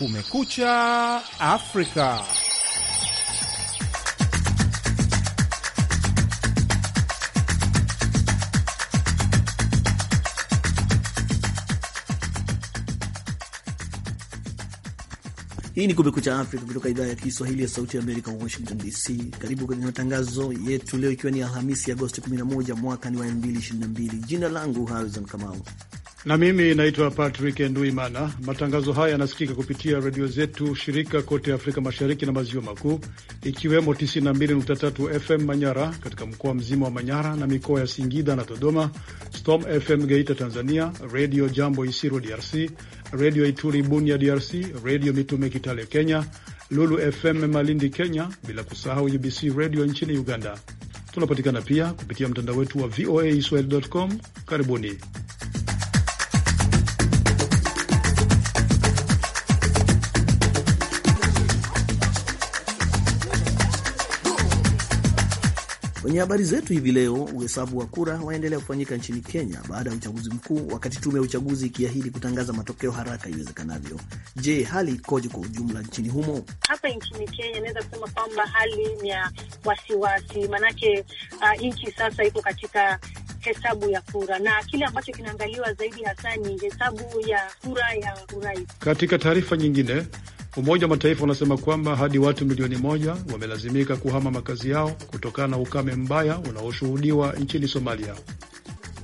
Kumekucha Afrika. Hii ni Kumekucha Afrika kutoka idhaa ya Kiswahili ya Sauti ya Amerika, Washington DC. Karibu kwenye matangazo yetu leo, ikiwa ni Alhamisi Agosti 11 mwaka ni wa 2022. Jina langu Harrison Kamau na mimi naitwa Patrick Nduimana. Matangazo haya yanasikika kupitia redio zetu shirika kote Afrika Mashariki na Maziwa Makuu, ikiwemo 92.3 FM Manyara katika mkoa mzima wa Manyara na mikoa ya Singida na Dodoma, Storm FM Geita Tanzania, Redio Jambo Isiro DRC, Redio Ituri Bunia DRC, Redio Mitume Kitale Kenya, Lulu FM Malindi Kenya, bila kusahau UBC Redio nchini Uganda. Tunapatikana pia kupitia mtandao wetu wa VOA Swahili.com. Karibuni. Kwenye habari zetu hivi leo, uhesabu wa kura waendelea kufanyika nchini Kenya baada ya uchaguzi mkuu, wakati tume ya uchaguzi ikiahidi kutangaza matokeo haraka iwezekanavyo. Je, hali ikoje kwa ujumla nchini humo? Hapa nchini Kenya naweza kusema kwamba hali ni ya wasiwasi, maanake uh, ah, nchi sasa iko katika hesabu ya kura, na kile ambacho kinaangaliwa zaidi hasa ni hesabu ya kura ya urais. Katika taarifa nyingine, Umoja wa Mataifa unasema kwamba hadi watu milioni moja wamelazimika kuhama makazi yao kutokana na ukame mbaya unaoshuhudiwa nchini Somalia.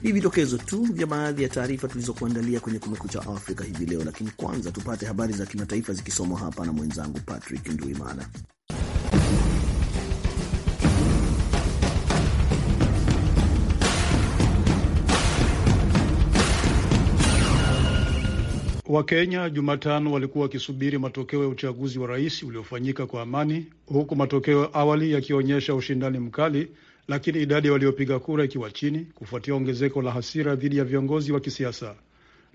Ni vidokezo tu vya baadhi ya taarifa tulizokuandalia kwenye Kumekucha Afrika hivi leo, lakini kwanza tupate habari za kimataifa zikisomwa hapa na mwenzangu Patrick Nduimana. Wakenya Jumatano walikuwa wakisubiri matokeo ya uchaguzi wa rais uliofanyika kwa amani, huku matokeo ya awali yakionyesha ushindani mkali, lakini idadi ya waliopiga kura ikiwa chini kufuatia ongezeko la hasira dhidi ya viongozi wa kisiasa.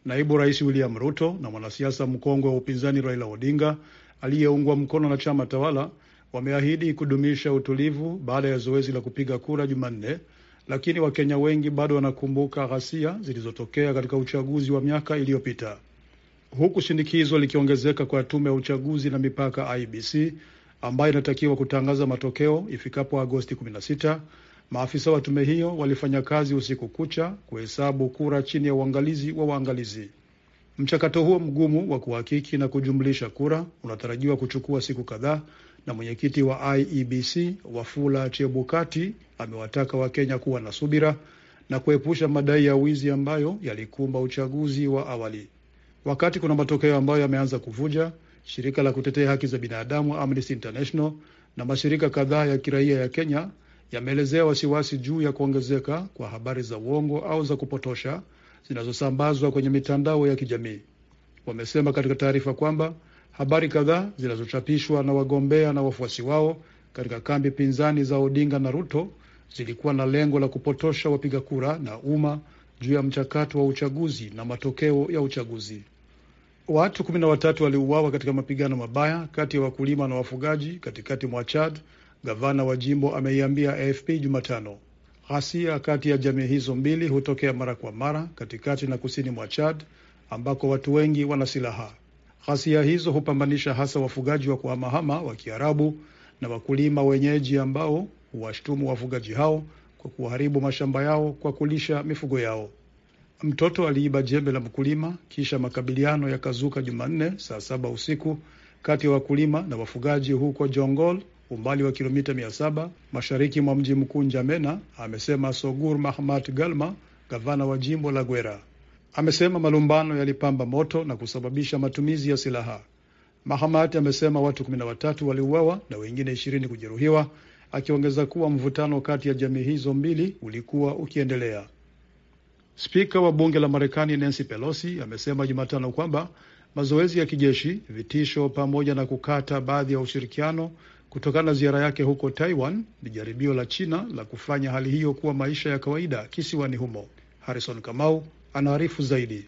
Naibu Rais William Ruto na mwanasiasa mkongwe wa upinzani Raila Odinga aliyeungwa mkono na chama tawala wameahidi kudumisha utulivu baada ya zoezi la kupiga kura Jumanne, lakini Wakenya wengi bado wanakumbuka ghasia zilizotokea katika uchaguzi wa miaka iliyopita huku shinikizo likiongezeka kwa tume ya uchaguzi na mipaka IBC ambayo inatakiwa kutangaza matokeo ifikapo Agosti 16. Maafisa wa tume hiyo walifanya kazi usiku kucha kuhesabu kura chini ya uangalizi wa waangalizi. Mchakato huo mgumu wa kuhakiki na kujumlisha kura unatarajiwa kuchukua siku kadhaa, na mwenyekiti wa IEBC Wafula Chebukati amewataka Wakenya kuwa na subira na kuepusha madai ya wizi ambayo yalikumba uchaguzi wa awali wakati kuna matokeo ambayo yameanza kuvuja. Shirika la kutetea haki za binadamu Amnesty International na mashirika kadhaa ya kiraia ya Kenya yameelezea wasiwasi juu ya kuongezeka kwa habari za uongo au za kupotosha zinazosambazwa kwenye mitandao ya kijamii. Wamesema katika taarifa kwamba habari kadhaa zinazochapishwa na wagombea na wafuasi wao katika kambi pinzani za Odinga na Ruto zilikuwa na lengo la kupotosha wapiga kura na umma juu ya mchakato wa uchaguzi na matokeo ya uchaguzi. Watu kumi na watatu waliuawa katika mapigano mabaya kati ya wakulima na wafugaji katikati mwa Chad, gavana wa jimbo ameiambia AFP Jumatano. Ghasia kati ya jamii hizo mbili hutokea mara kwa mara katikati na kusini mwa Chad ambako watu wengi wana silaha. Ghasia hizo hupambanisha hasa wafugaji wa kuhamahama wa Kiarabu na wakulima wenyeji ambao huwashtumu wafugaji hao kwa kuharibu mashamba yao kwa kulisha mifugo yao. Mtoto aliiba jembe la mkulima, kisha makabiliano yakazuka Jumanne saa saba usiku kati ya wakulima na wafugaji huko Jongol, umbali wa kilomita mia saba mashariki mwa mji mkuu Njamena, amesema Sogur Mahmat Galma, gavana wa jimbo la Gwera. Amesema malumbano yalipamba moto na kusababisha matumizi ya silaha. Mahamat amesema watu watatu waliuawa na wengine ishirini kujeruhiwa, akiongeza kuwa mvutano kati ya jamii hizo mbili ulikuwa ukiendelea. Spika wa bunge la Marekani Nancy Pelosi amesema Jumatano kwamba mazoezi ya kijeshi, vitisho, pamoja na kukata baadhi ya ushirikiano kutokana na ziara yake huko Taiwan ni jaribio la China la kufanya hali hiyo kuwa maisha ya kawaida kisiwani humo. Harrison Kamau anaarifu zaidi.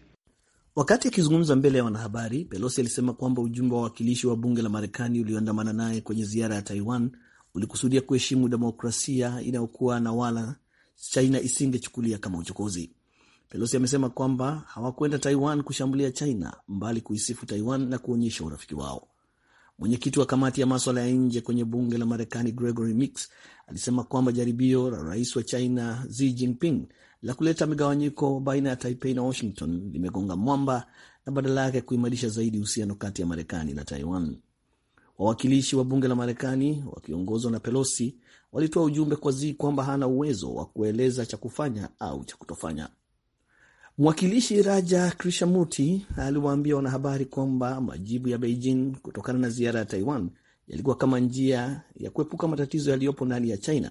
Wakati akizungumza mbele ya wanahabari, Pelosi alisema kwamba ujumbe wa wawakilishi wa bunge la Marekani ulioandamana naye kwenye ziara ya Taiwan ulikusudia kuheshimu demokrasia inayokuwa na wala China isingechukulia kama uchokozi. Pelosi amesema kwamba hawakwenda Taiwan kushambulia China, mbali kuisifu Taiwan na kuonyesha urafiki wao. Mwenyekiti wa kamati ya maswala ya nje kwenye bunge la Marekani, Gregory Mix, alisema kwamba jaribio la rais wa China Xi Jinping la kuleta migawanyiko baina ya Taipei na Washington limegonga mwamba na badala yake kuimarisha zaidi uhusiano kati ya Marekani na Taiwan. Wawakilishi wa bunge la Marekani wakiongozwa na Pelosi walitoa ujumbe kwa Xi kwamba hana uwezo wa kueleza cha kufanya au cha kutofanya. Mwakilishi Raja Krishnamurti aliwaambia wanahabari kwamba majibu ya Beijing kutokana na ziara ya Taiwan yalikuwa kama njia ya kuepuka matatizo yaliyopo ndani ya China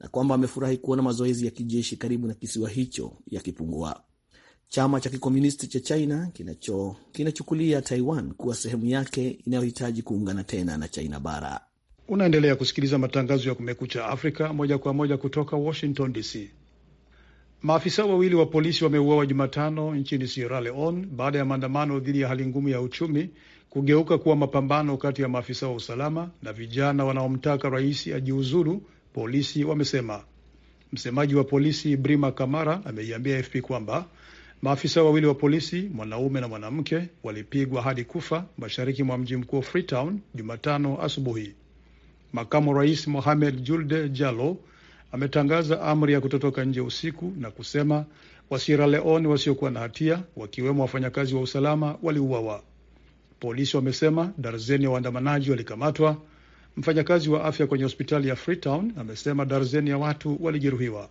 na kwamba amefurahi kuona mazoezi ya kijeshi karibu na kisiwa hicho yakipungua. Chama cha Kikomunisti cha China kinacho kinachukulia Taiwan kuwa sehemu yake inayohitaji kuungana tena na China bara. Unaendelea kusikiliza matangazo ya Kumekucha Afrika moja kwa moja kutoka Washington DC. Maafisa wawili wa polisi wameuawa Jumatano nchini Sierra Leone baada ya maandamano dhidi ya hali ngumu ya uchumi kugeuka kuwa mapambano kati ya maafisa wa usalama na vijana wanaomtaka rais ajiuzulu, polisi wamesema. Msemaji wa polisi Brima Kamara ameiambia AFP kwamba maafisa wawili wa polisi, mwanaume na mwanamke, walipigwa hadi kufa mashariki mwa mji mkuu Freetown Jumatano asubuhi. Makamu rais Mohamed Julde Jalo ametangaza amri ya kutotoka nje usiku na kusema wasiera leon wasiokuwa na hatia wakiwemo wafanyakazi wa usalama waliuawa. Polisi wamesema darzeni ya waandamanaji walikamatwa. Mfanyakazi wa afya kwenye hospitali ya Freetown amesema darzeni ya watu walijeruhiwa.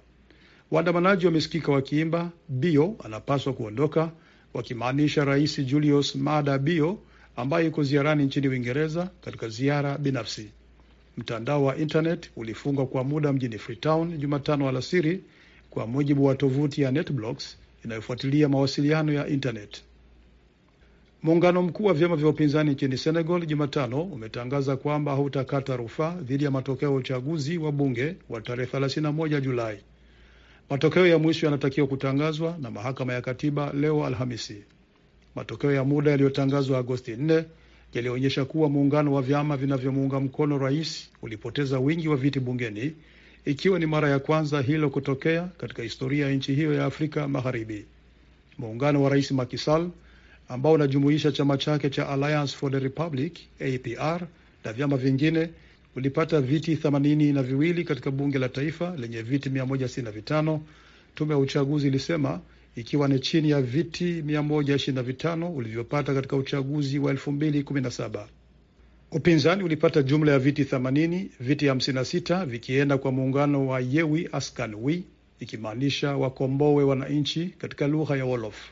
Waandamanaji wamesikika wakiimba Bio anapaswa kuondoka, wakimaanisha Rais Julius Maada Bio ambaye yuko ziarani nchini Uingereza katika ziara binafsi. Mtandao wa internet ulifungwa kwa muda mjini Freetown Jumatano alasiri, kwa mujibu wa tovuti ya NetBlocks inayofuatilia mawasiliano ya internet. Muungano mkuu wa vyama vya upinzani nchini Senegal Jumatano umetangaza kwamba hautakata rufaa dhidi ya matokeo ya uchaguzi wa bunge wa tarehe 31 Julai. Matokeo ya mwisho yanatakiwa kutangazwa na mahakama ya katiba leo Alhamisi. Matokeo ya muda yaliyotangazwa Agosti yalionyesha kuwa muungano wa vyama vinavyomuunga mkono rais ulipoteza wingi wa viti bungeni, ikiwa ni mara ya kwanza hilo kutokea katika historia ya nchi hiyo ya Afrika Magharibi. Muungano wa rais Macky Sall ambao unajumuisha chama chake cha Alliance for the Republic APR na vyama vingine ulipata viti themanini na viwili katika bunge la taifa lenye viti 165. Tume ya uchaguzi ilisema ikiwa ni chini ya viti 125 ulivyopata katika uchaguzi wa 2017. Upinzani ulipata jumla ya viti 80, viti 56 vikienda kwa muungano wa Yewi Askanwi, ikimaanisha wakombowe wananchi katika lugha ya Wolof.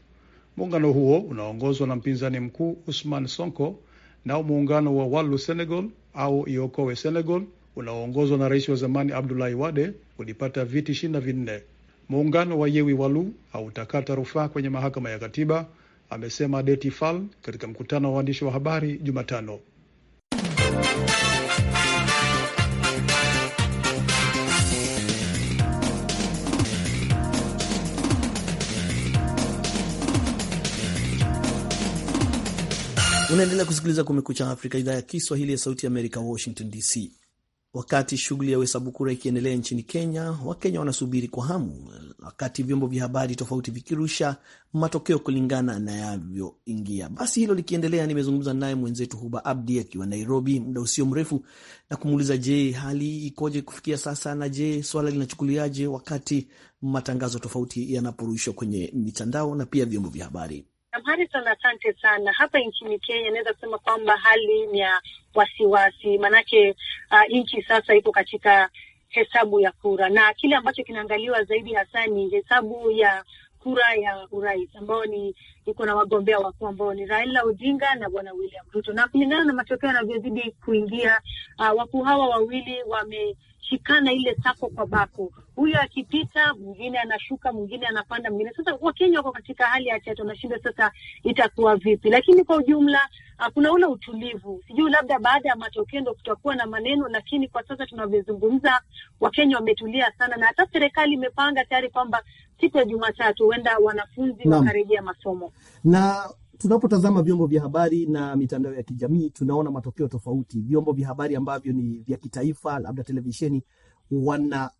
Muungano huo unaongozwa na mpinzani mkuu Usman Sonko, nao muungano wa Wallu Senegal au Iokowe Senegal unaoongozwa na rais wa zamani Abdoulaye Wade ulipata viti ishirini na vinne. Muungano wa Yewi Walu hautakata rufaa kwenye mahakama ya katiba, amesema Deti Fal katika mkutano wa waandishi wa habari Jumatano. Unaendelea kusikiliza Kumekucha Afrika, idhaa ya Kiswahili ya Sauti ya Amerika, Washington DC. Wakati shughuli ya uhesabu kura ikiendelea nchini Kenya, Wakenya wanasubiri kwa hamu, wakati vyombo vya habari tofauti vikirusha matokeo kulingana na yavyoingia. Basi hilo likiendelea, nimezungumza naye mwenzetu Huba Abdi akiwa Nairobi muda usio mrefu na kumuuliza, je, hali ikoje kufikia sasa, na je, swala linachukuliaje wakati matangazo tofauti yanaporushwa kwenye mitandao na pia vyombo vya habari? Harrison, asante sana. Hapa nchini Kenya inaweza kusema kwamba hali ni ya wasiwasi, maanake uh, ah, nchi sasa iko katika hesabu ya kura na kile ambacho kinaangaliwa zaidi hasa ni hesabu ya kura ya urais ambayo ni iko na wagombea wakuu ambao ni Raila Odinga na bwana William Ruto, na kulingana na matokeo yanavyozidi kuingia, uh, wakuu hawa wawili wame shikana ile sako kwa bako, huyo akipita mwingine anashuka, mwingine anapanda, mwingine. Sasa Wakenya wako katika hali ya cheto na sasa itakuwa vipi? Lakini kwa ujumla uh, kuna ule utulivu, sijui labda baada ya matokeo ndo kutakuwa na maneno, lakini kwa sasa tunavyozungumza, Wakenya wametulia sana, na hata serikali imepanga tayari kwamba siku ya Jumatatu huenda wanafunzi wakarejea masomo na tunapotazama vyombo vya habari na mitandao ya kijamii tunaona matokeo tofauti. Vyombo vya habari ambavyo ni vya kitaifa, labda televisheni, wana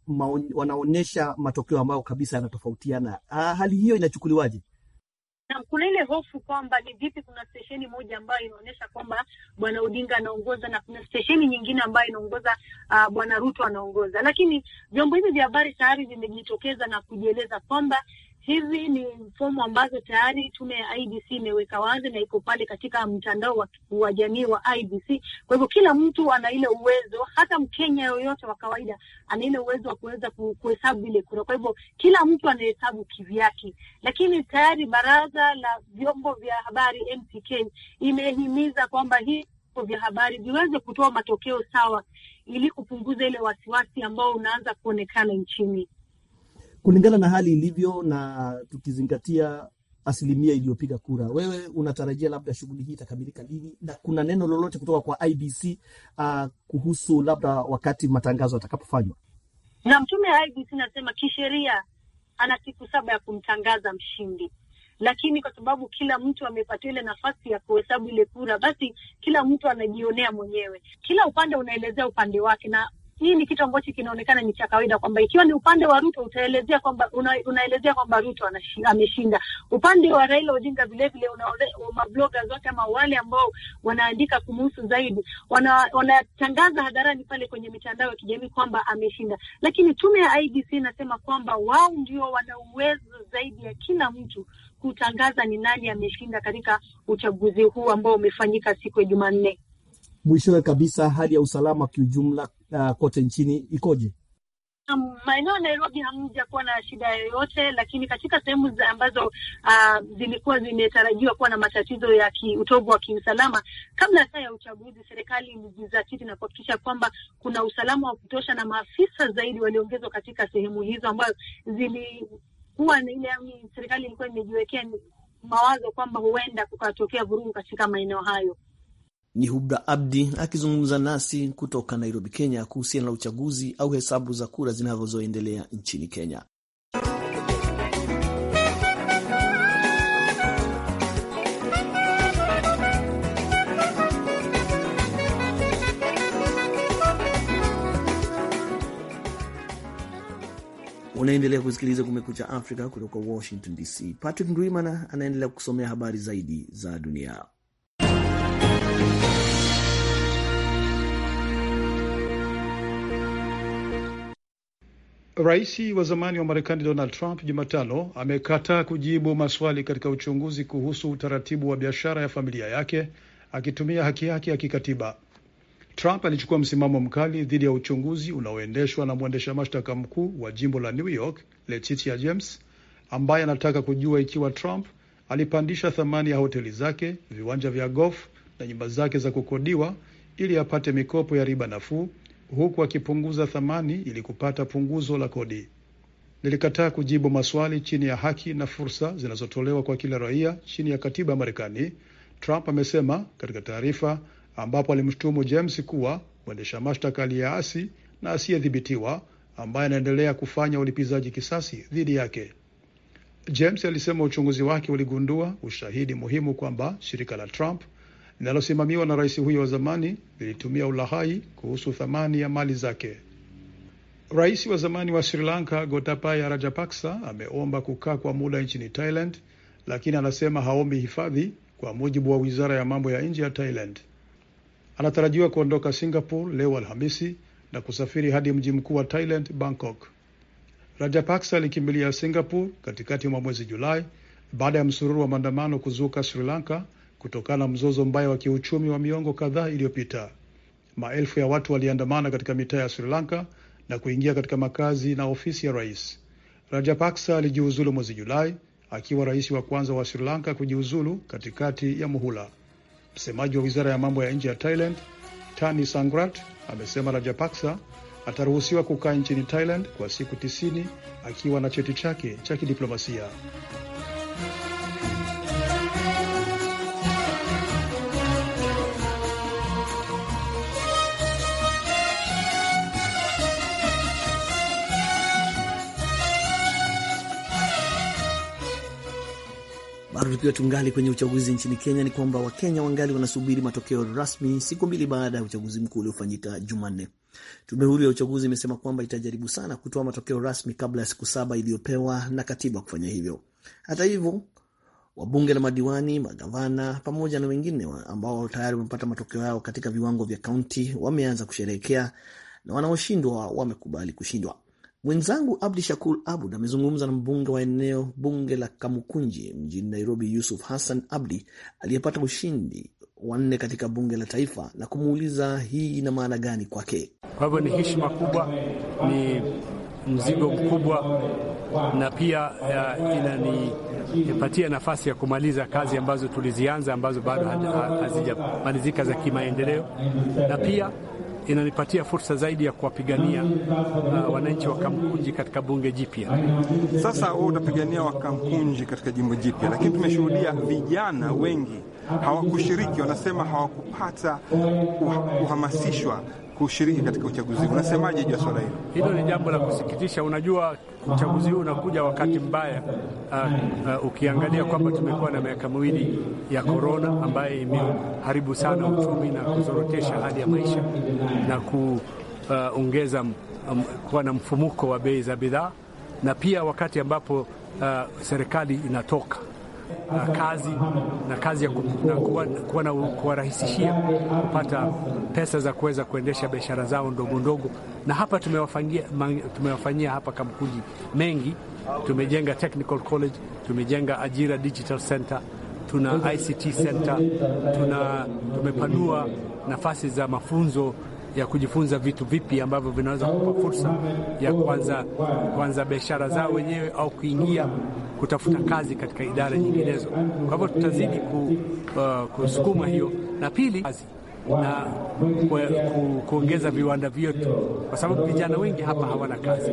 wanaonyesha matokeo ambayo kabisa yanatofautiana. Ah, hali hiyo inachukuliwaje? Na kuna ile hofu kwamba ni vipi, kuna stesheni moja ambayo inaonyesha kwamba bwana Odinga anaongoza na kuna stesheni nyingine ambayo inaongoza uh, bwana Ruto anaongoza. Lakini vyombo hivi vya habari tayari vimejitokeza na kujieleza kwamba Hizi ni fomu ambazo tayari tume ya IBC imeweka wazi na iko pale katika mtandao wa, wa jamii wa IBC. Kwa hivyo kila mtu ana ile uwezo, hata Mkenya yoyote wa kawaida ana ile uwezo wa kuweza kuhesabu ile kura. Kwa hivyo kila mtu anahesabu kivyake, lakini tayari baraza la vyombo vya habari MCK imehimiza kwamba hii vya habari viweze kutoa matokeo sawa ili kupunguza ile wasiwasi ambao unaanza kuonekana nchini kulingana na hali ilivyo na tukizingatia asilimia iliyopiga kura, wewe unatarajia labda shughuli hii itakamilika lini, na kuna neno lolote kutoka kwa IBC uh, kuhusu labda wakati matangazo yatakapofanywa? na tume ya IBC nasema kisheria ana siku saba ya kumtangaza mshindi, lakini kwa sababu kila mtu amepatiwa ile nafasi ya kuhesabu ile kura, basi kila mtu anajionea mwenyewe, kila upande unaelezea upande wake na hii ni kitu ambacho kinaonekana ni cha kawaida, kwamba ikiwa ni upande wa Ruto utaelezea kwamba una, unaelezea kwamba Ruto ameshinda. Upande wa Raila Odinga vilevile mabloggers zote ama wale ambao wanaandika kumuhusu zaidi wanatangaza wana hadharani pale kwenye mitandao ya kijamii kwamba ameshinda, lakini tume ya IBC inasema kwamba wao ndio wana uwezo zaidi ya kila mtu kutangaza ni nani ameshinda katika uchaguzi huu ambao umefanyika siku ya Jumanne. Mwishowe kabisa, hali ya usalama kiujumla uh, kote nchini ikoje? Maeneo ya Nairobi hamja kuwa na shida yoyote, lakini katika sehemu ambazo uh, zilikuwa zimetarajiwa kuwa na matatizo ya utovu wa kiusalama kabla saa ya uchaguzi, serikali ilijizatiti na kuhakikisha kwamba kuna usalama wa kutosha, na maafisa zaidi waliongezwa katika sehemu hizo ambayo zilikuwa ile, serikali ilikuwa imejiwekea mawazo kwamba huenda kukatokea vurugu katika maeneo hayo. Ni Hubda Abdi akizungumza nasi kutoka Nairobi, Kenya, kuhusiana na uchaguzi au hesabu za kura zinazoendelea nchini Kenya. Unaendelea kusikiliza Kumekucha Afrika kutoka Washington DC. Patrick Ndwimana anaendelea kusomea habari zaidi za dunia. Rais wa zamani wa Marekani Donald Trump Jumatano amekataa kujibu maswali katika uchunguzi kuhusu utaratibu wa biashara ya familia yake akitumia haki yake ya kikatiba. Trump alichukua msimamo mkali dhidi ya uchunguzi unaoendeshwa na mwendesha mashtaka mkuu wa jimbo la New York Letitia James, ambaye anataka kujua ikiwa Trump alipandisha thamani ya hoteli zake, viwanja vya golf na nyumba zake za kukodiwa ili apate mikopo ya riba nafuu huku akipunguza thamani ili kupata punguzo la kodi. Nilikataa kujibu maswali chini ya haki na fursa zinazotolewa kwa kila raia chini ya katiba ya Marekani, Trump amesema katika taarifa ambapo alimshutumu James kuwa mwendesha mashtaka aliyeasi na asiyedhibitiwa ambaye anaendelea kufanya ulipizaji kisasi dhidi yake. James alisema uchunguzi wake uligundua ushahidi muhimu kwamba shirika la Trump linalosimamiwa na rais huyo wa zamani lilitumia ulahai kuhusu thamani ya mali zake. Rais wa zamani wa Sri Lanka Gotabaya Rajapaksa ameomba kukaa kwa muda nchini Thailand, lakini anasema haombi hifadhi, kwa mujibu wa wizara ya mambo ya nje ya Thailand. Anatarajiwa kuondoka Singapore leo Alhamisi na kusafiri hadi mji mkuu wa Thailand, Bangkok. Rajapaksa alikimbilia Singapore katikati mwa mwezi Julai baada ya msururu wa maandamano kuzuka Sri Lanka kutokana na mzozo mbaya wa kiuchumi wa miongo kadhaa iliyopita. Maelfu ya watu waliandamana katika mitaa ya Sri Lanka na kuingia katika makazi na ofisi ya rais. Rajapaksa alijiuzulu mwezi Julai akiwa rais wa kwanza wa Sri Lanka kujiuzulu katikati ya muhula. Msemaji wa wizara ya mambo ya nje ya Thailand Tani Sangrat amesema Rajapaksa ataruhusiwa kukaa nchini Thailand kwa siku tisini akiwa na cheti chake cha kidiplomasia. Bado tukiwa tungali kwenye uchaguzi nchini Kenya, ni kwamba Wakenya wangali wanasubiri matokeo rasmi siku mbili baada ya uchaguzi mkuu uliofanyika Jumanne. Tume huru ya uchaguzi imesema kwamba itajaribu sana kutoa matokeo rasmi kabla ya siku saba iliyopewa na katiba kufanya hivyo. Hata hivyo, wabunge na madiwani, magavana pamoja na wengine ambao tayari wamepata matokeo yao katika viwango vya kaunti wameanza kusherehekea na wanaoshindwa wamekubali kushindwa. Mwenzangu Abdi Shakur Abud amezungumza na mbunge wa eneo bunge la Kamukunji mjini Nairobi, Yusuf Hassan Abdi aliyepata ushindi wanne katika bunge la taifa na kumuuliza hii ina maana gani kwake. Kwa hivyo ni heshima kubwa, ni mzigo mkubwa, na pia inanipatia nafasi ya kumaliza kazi ambazo tulizianza ambazo bado hazijamalizika za kimaendeleo, na pia inanipatia fursa zaidi ya kuwapigania uh, wananchi wa Kamkunji katika bunge jipya. Sasa wewe utapigania wa Kamkunji katika jimbo jipya, lakini tumeshuhudia vijana wengi hawakushiriki, wanasema hawakupata uhamasishwa kushiriki katika uchaguzi. Unasemaje juu ya swala hilo? Hilo ni jambo la kusikitisha. Unajua, uchaguzi huu unakuja wakati mbaya. Uh, uh, ukiangalia kwamba tumekuwa na miaka miwili ya korona ambayo imeharibu sana uchumi na kuzorotesha hali ya maisha na kuongeza ah, uh, um, kuwa na mfumuko wa bei za bidhaa na pia wakati ambapo uh, serikali inatoka kazi na kazi ya kuwarahisishia kupata pesa za kuweza kuendesha biashara zao ndogo ndogo. Na hapa tumewafanyia, tumewafanyia hapa Kamkuji mengi. Tumejenga technical college, tumejenga ajira digital center, tuna ICT center, tuna tumepanua nafasi za mafunzo ya kujifunza vitu vipi ambavyo vinaweza kupa fursa ya kuanza kuanza biashara zao wenyewe au kuingia kutafuta kazi katika idara nyinginezo. Kwa hivyo tutazidi uh, kusukuma hiyo, na pili kazi na kuongeza viwanda vyetu, kwa sababu vijana wengi hapa hawana kazi.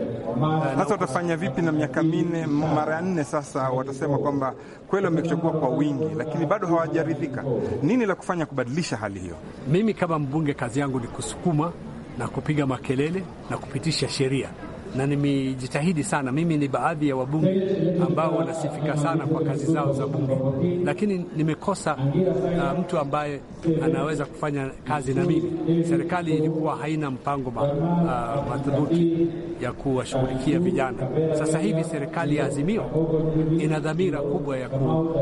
Sasa watafanya vipi? na miaka minne mara ya nne sasa watasema kwamba kweli wamechukua kwa wingi, lakini bado hawajaridhika. Nini la kufanya kubadilisha hali hiyo? Mimi kama mbunge, kazi yangu ni kusukuma na kupiga makelele na kupitisha sheria na nimejitahidi sana. Mimi ni baadhi ya wabunge ambao wanasifika sana kwa kazi zao za bunge, lakini nimekosa uh, mtu ambaye anaweza kufanya kazi na mimi. Serikali ilikuwa haina mpango uh, madhubuti ya kuwashughulikia vijana. Sasa hivi serikali ya Azimio ina dhamira kubwa ya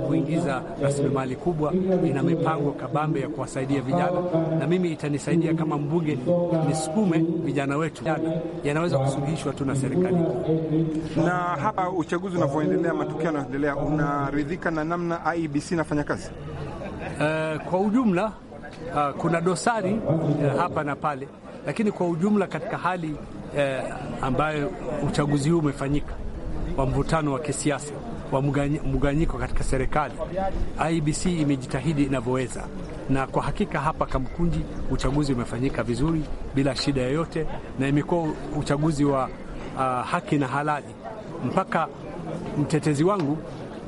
kuingiza rasilimali kubwa, ina mipango kabambe ya kuwasaidia vijana, na mimi itanisaidia kama mbunge nisukume vijana wetu. Yanaweza kusuluhishwa hatuna serikali na hapa uchaguzi unavyoendelea, matukio yanayoendelea, unaridhika na namna ibc e inafanya kazi uh, kwa ujumla? Uh, kuna dosari uh, hapa na pale, lakini kwa ujumla katika hali uh, ambayo uchaguzi huu umefanyika wa mvutano wa kisiasa wa muganyiko katika serikali, IBC e imejitahidi inavyoweza, na kwa hakika hapa Kamkunji uchaguzi umefanyika vizuri bila shida yoyote, na imekuwa uchaguzi wa uh, haki na halali mpaka mtetezi wangu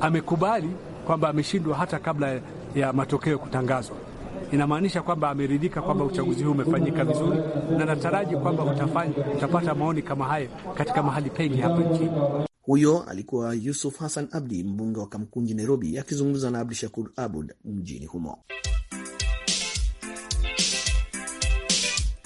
amekubali kwamba ameshindwa hata kabla ya matokeo kutangazwa. Inamaanisha kwamba ameridhika kwamba uchaguzi huu umefanyika vizuri, na nataraji kwamba utafanya, utapata maoni kama hayo katika mahali pengi hapa nchini. Huyo alikuwa Yusuf Hassan Abdi, mbunge wa Kamkunji, Nairobi, akizungumza na Abdi Shakur Abud mjini humo.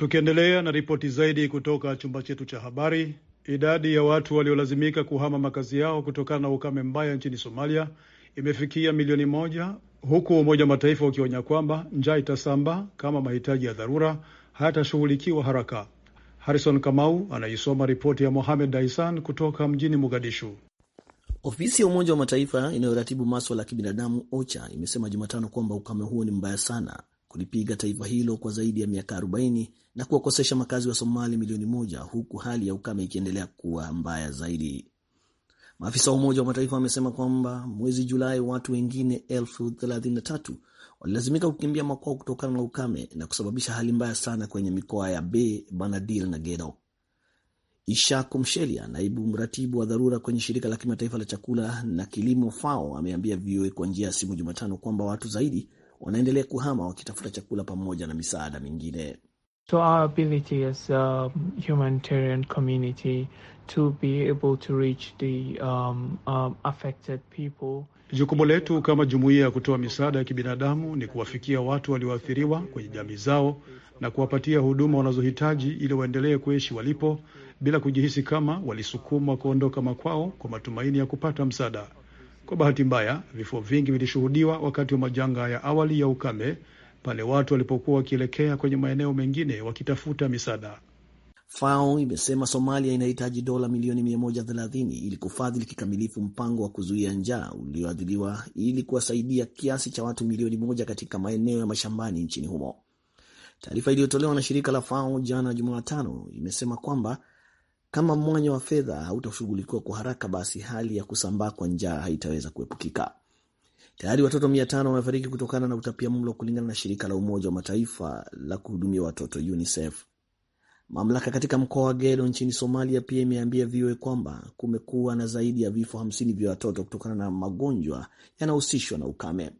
Tukiendelea na ripoti zaidi kutoka chumba chetu cha habari, idadi ya watu waliolazimika kuhama makazi yao kutokana na ukame mbaya nchini Somalia imefikia milioni moja huku Umoja wa Mataifa ukionya kwamba njaa itasamba kama mahitaji ya dharura hayatashughulikiwa haraka. Harrison Kamau anaisoma ripoti ya Mohamed Daisan kutoka mjini Mogadishu. Ofisi ya Umoja wa Mataifa inayoratibu maswala ya kibinadamu OCHA imesema Jumatano kwamba ukame huo ni mbaya sana kulipiga taifa hilo kwa zaidi ya miaka 40 na kuwakosesha makazi wa Somali milioni moja huku hali ya ukame ikiendelea kuwa mbaya zaidi. Maafisa wa Umoja wa Mataifa wamesema kwamba mwezi Julai watu wengine elfu thelathini na tatu walilazimika kukimbia makwao kutokana na ukame na kusababisha hali mbaya sana kwenye mikoa ya Bay, Banadil na Gedo. Ishaku Mshelia, naibu mratibu wa dharura kwenye shirika la kimataifa la chakula na kilimo FAO, ameambia VOA kwa njia ya simu Jumatano kwamba watu zaidi wanaendelea kuhama wakitafuta chakula pamoja na misaada mingine. So our ability as a humanitarian community to be able to reach the um, um, affected people. Jukumu letu kama jumuiya ya kutoa misaada ya kibinadamu ni kuwafikia watu walioathiriwa kwenye jamii zao na kuwapatia huduma wanazohitaji ili waendelee kuishi walipo bila kujihisi kama walisukumwa kuondoka makwao kwa matumaini ya kupata msaada. Kwa bahati mbaya, vifo vingi vilishuhudiwa wakati wa majanga ya awali ya ukame pale watu walipokuwa wakielekea kwenye maeneo mengine wakitafuta misaada. FAO imesema Somalia inahitaji dola milioni 130 ili kufadhili kikamilifu mpango wa kuzuia njaa ulioadhiliwa ili kuwasaidia kiasi cha watu milioni moja katika maeneo ya mashambani nchini humo. Taarifa iliyotolewa na shirika la FAO jana Jumatano imesema kwamba kama mwanya wa fedha hautashughulikiwa kwa haraka, basi hali ya kusambaa kwa njaa haitaweza kuepukika. Tayari watoto mia tano wamefariki kutokana na utapiamlo, kulingana na shirika la Umoja wa Mataifa la kuhudumia watoto UNICEF. Mamlaka katika mkoa wa Gedo nchini Somalia pia imeambia VOA kwamba kumekuwa na zaidi ya vifo hamsini vya watoto kutokana na magonjwa yanahusishwa na ukame.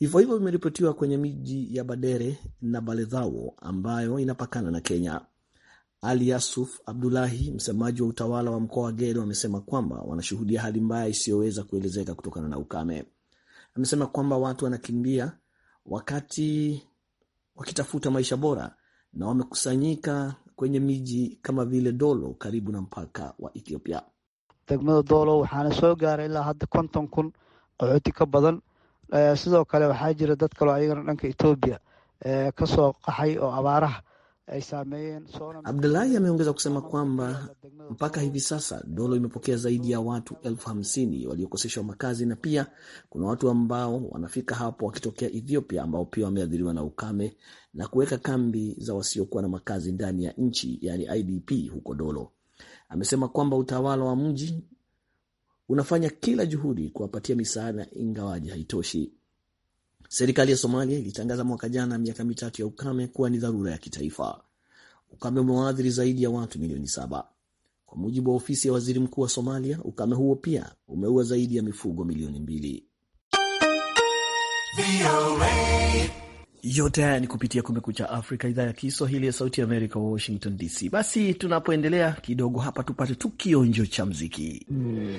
Vifo hivyo vimeripotiwa kwenye miji ya Badere na Baledhawo ambayo inapakana na Kenya. Ali Yasuf Abdulahi, msemaji wa utawala wa mkoa wa Gedo, amesema kwamba wanashuhudia hali mbaya isiyoweza kuelezeka kutokana na ukame. Amesema kwamba watu wanakimbia wakati wakitafuta maisha bora na wamekusanyika kwenye miji kama vile Dolo karibu na mpaka wa Ethiopia. degmada Dolo waxaana soo gaaray ilaa hadda konton kun qaxooti ka badan. Ee, sidoo kale waxaa jira dad kaloo ayagana dhanka Ethiopia ee, kasoo qaxay oo abaaraha Abdulahi ameongeza kusema kwamba mpaka hivi sasa Dolo imepokea zaidi ya watu elfu hamsini waliokoseshwa makazi na pia kuna watu ambao wanafika hapo wakitokea Ethiopia ambao pia wameathiriwa na ukame na kuweka kambi za wasiokuwa na makazi ndani ya nchi, yani IDP huko Dolo. Amesema kwamba utawala wa mji unafanya kila juhudi kuwapatia misaada ingawaji haitoshi. Serikali ya Somalia ilitangaza mwaka jana miaka mitatu ya ukame kuwa ni dharura ya kitaifa. Ukame umewaathiri zaidi ya watu milioni saba. Kwa mujibu wa ofisi ya waziri mkuu wa Somalia, ukame huo pia umeua zaidi ya mifugo milioni mbili. Yote haya ni kupitia Kumekucha Afrika, idhaa ya Kiswahili ya Sauti ya Amerika, Washington DC. Basi tunapoendelea kidogo hapa, tupate tu kionjo cha mziki mm.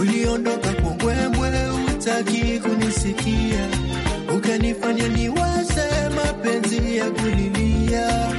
uliondoka kongwembwe, utaki kunisikia, ukanifanya niwaze mapenzi ya kulilia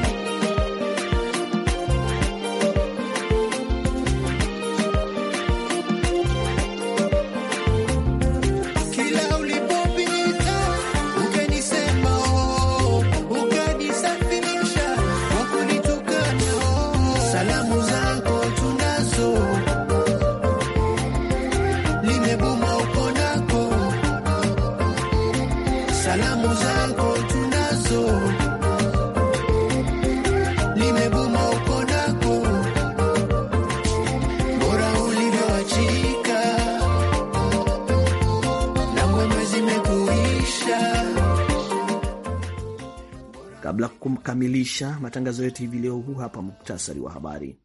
Kabla kukamilisha matangazo yetu hivi leo, huu hapa muktasari wa habari.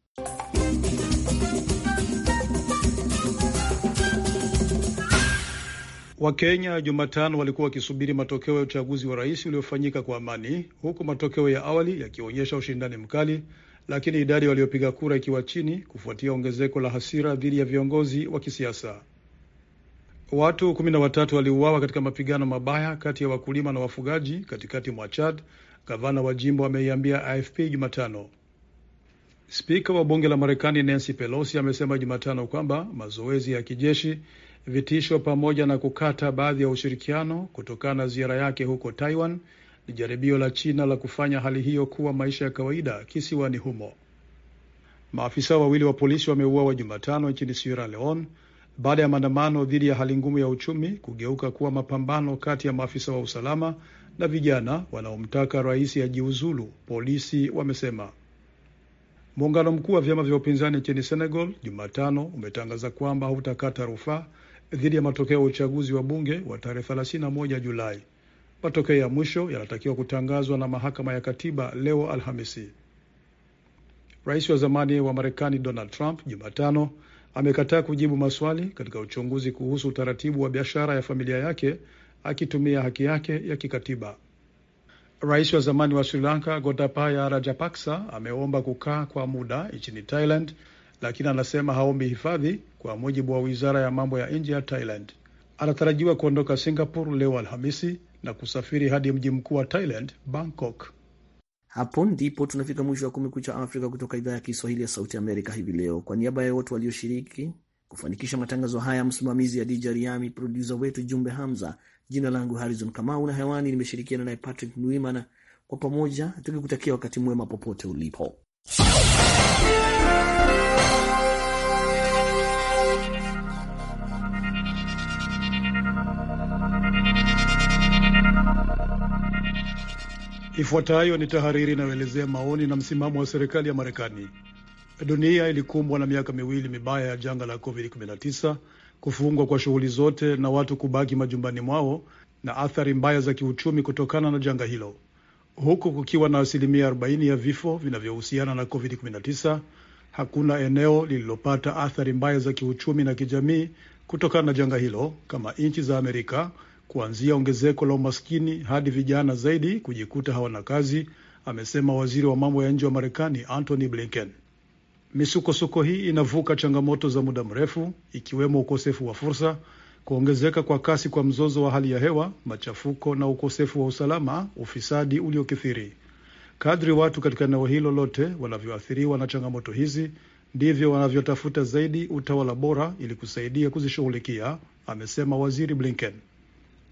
Wakenya Jumatano walikuwa wakisubiri matokeo ya uchaguzi wa rais uliofanyika kwa amani, huku matokeo ya awali yakionyesha ushindani mkali, lakini idadi waliopiga kura ikiwa chini kufuatia ongezeko la hasira dhidi ya viongozi wa kisiasa. Watu kumi na watatu waliuawa katika mapigano mabaya kati ya wakulima na wafugaji katikati mwa Chad gavana wa jimbo ameiambia AFP Jumatano. Spika wa bunge la Marekani Nancy Pelosi amesema Jumatano kwamba mazoezi ya kijeshi, vitisho pamoja na kukata baadhi ya ushirikiano kutokana na ziara yake huko Taiwan ni jaribio la China la kufanya hali hiyo kuwa maisha ya kawaida kisiwani humo. Maafisa wawili wa polisi wameuawa Jumatano nchini Sierra Leone baada ya maandamano dhidi ya hali ngumu ya uchumi kugeuka kuwa mapambano kati ya maafisa wa usalama na vijana wanaomtaka rais ajiuzulu, polisi wamesema. Muungano mkuu wa vyama vya upinzani nchini Senegal Jumatano umetangaza kwamba hautakata rufaa dhidi ya matokeo ya uchaguzi wa bunge wa tarehe 31 Julai. Matokeo ya mwisho yanatakiwa kutangazwa na mahakama ya katiba leo Alhamisi. Rais wa zamani wa Marekani Donald Trump Jumatano amekataa kujibu maswali katika uchunguzi kuhusu utaratibu wa biashara ya familia yake akitumia haki yake ya kikatiba. Rais wa zamani wa Sri Lanka Gotabaya Rajapaksa ameomba kukaa kwa muda nchini Thailand, lakini anasema haombi hifadhi, kwa mujibu wa wizara ya mambo ya nje ya Thailand. Anatarajiwa kuondoka Singapore leo Alhamisi na kusafiri hadi mji mkuu wa Thailand, Bangkok. Hapo ndipo tunafika mwisho wa Kumekucha Afrika kutoka idhaa ya Kiswahili ya Sauti Amerika hivi leo. Kwa niaba ya wote walioshiriki kufanikisha matangazo haya, msimamizi ya DJ Riami, produsa wetu Jumbe Hamza, Jina langu Harrison Kamau na hewani nimeshirikiana naye Patrick Nwimana, kwa pamoja tukikutakia wakati mwema popote ulipo. Ifuatayo ni tahariri inayoelezea maoni na msimamo wa serikali ya Marekani. Dunia ilikumbwa na miaka miwili mibaya ya janga la COVID-19 kufungwa kwa shughuli zote na watu kubaki majumbani mwao na athari mbaya za kiuchumi kutokana na janga hilo, huku kukiwa na asilimia 40 ya vifo vinavyohusiana na COVID-19. Hakuna eneo lililopata athari mbaya za kiuchumi na kijamii kutokana na janga hilo kama nchi za Amerika, kuanzia ongezeko la umaskini hadi vijana zaidi kujikuta hawana kazi, amesema waziri wa mambo ya nje wa Marekani Antony Blinken. Misukosuko hii inavuka changamoto za muda mrefu, ikiwemo ukosefu wa fursa, kuongezeka kwa kasi kwa mzozo wa hali ya hewa, machafuko na ukosefu wa usalama, ufisadi uliokithiri. Kadri watu katika eneo hilo lote wanavyoathiriwa na changamoto hizi ndivyo wanavyotafuta zaidi utawala bora ili kusaidia kuzishughulikia, amesema Waziri Blinken.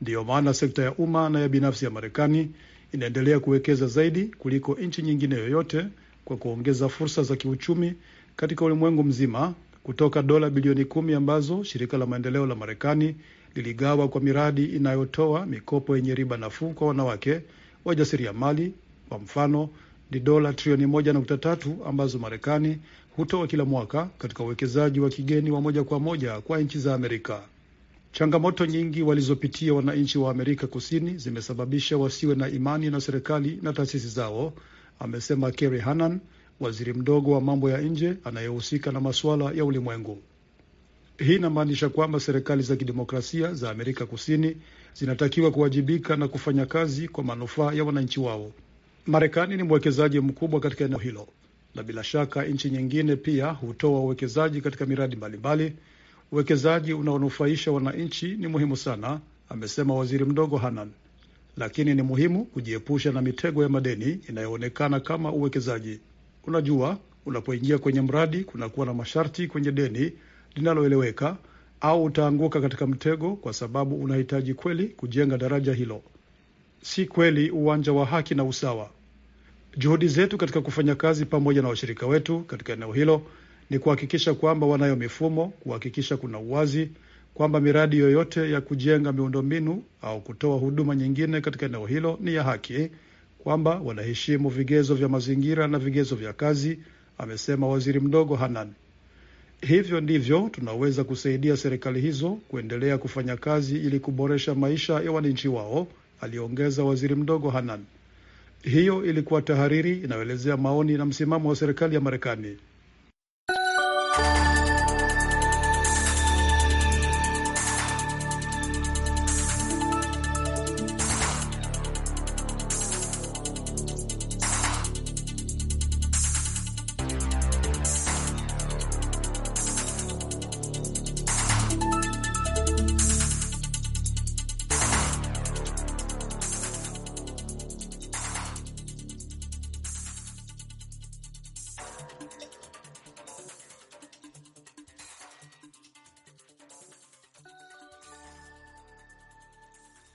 Ndiyo maana sekta ya umma na ya binafsi ya Marekani inaendelea kuwekeza zaidi kuliko nchi nyingine yoyote kwa kuongeza fursa za kiuchumi katika ulimwengu mzima kutoka dola bilioni kumi ambazo shirika la maendeleo la Marekani liligawa kwa miradi inayotoa mikopo yenye riba nafuu kwa wanawake wajasiriamali. Kwa mfano ni dola trilioni moja nukta tatu ambazo Marekani hutoa kila mwaka katika uwekezaji wa kigeni wa moja kwa moja kwa nchi za Amerika. Changamoto nyingi walizopitia wananchi wa Amerika Kusini zimesababisha wasiwe na imani na serikali na taasisi zao, amesema Kerry Hanan, waziri mdogo wa mambo ya nje anayehusika na masuala ya ulimwengu. Hii inamaanisha kwamba serikali za kidemokrasia za Amerika Kusini zinatakiwa kuwajibika na kufanya kazi kwa manufaa ya wananchi wao. Marekani ni mwekezaji mkubwa katika eneo hilo, na bila shaka nchi nyingine pia hutoa uwekezaji katika miradi mbalimbali. Uwekezaji unaonufaisha wananchi ni muhimu sana, amesema waziri mdogo Hanan lakini ni muhimu kujiepusha na mitego ya madeni inayoonekana kama uwekezaji. Unajua, unapoingia kwenye mradi kunakuwa na masharti kwenye deni linaloeleweka, au utaanguka katika mtego, kwa sababu unahitaji kweli kujenga daraja hilo. Si kweli uwanja wa haki na usawa. Juhudi zetu katika kufanya kazi pamoja na washirika wetu katika eneo hilo ni kuhakikisha kwamba wanayo mifumo, kuhakikisha kuna uwazi kwamba miradi yoyote ya kujenga miundombinu au kutoa huduma nyingine katika eneo hilo ni ya haki, kwamba wanaheshimu vigezo vya mazingira na vigezo vya kazi, amesema waziri mdogo Hanan. Hivyo ndivyo tunaweza kusaidia serikali hizo kuendelea kufanya kazi ili kuboresha maisha ya wananchi wao, aliongeza waziri mdogo Hanan. Hiyo ilikuwa tahariri inayoelezea maoni na msimamo wa serikali ya Marekani.